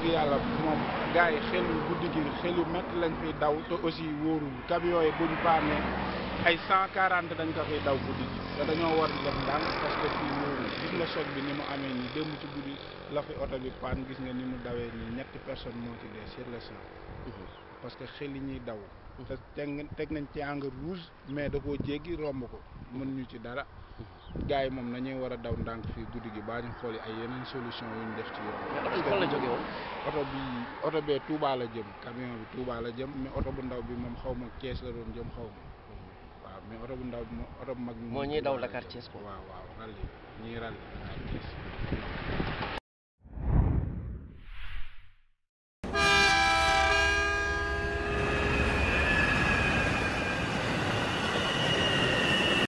dëgg yàlla moom gars yi xel yu guddi gi xel yu métti lañ fiy daw te aussi wóoru camion yi buñ paamee ay cent quarante dañ ko fiy daw guddi gi te dañoo war di def ndànk parce que fii gis nga choc bi ni mu amee nii démb ci guddi la fi oto bi paan gis nga ni mu dawee nii ñetti personne moo ci dee sur le champ mhm. parce que xel yi ñuy daw mhm. te teg nañ ci engrais rouge mais da koo jéggi romb ko mën ñu ci dara mhm. gars yi moom nañuy war a daw ndànk fii guddi gi baa ñu xool ay yeneen solution yu ñu def ci yoon. oto bi oto bee Touba la jëm camion bi Touba la jëm mais oto bu ndaw bi moom xaw ma Thiès la doon jëm xaw ma waaw mais oto bu ndaw bi oto bu mag moo ñuy daw Dakar Thiès ko waaw waaw ràlli ñuy ràlli Dakar Thiès.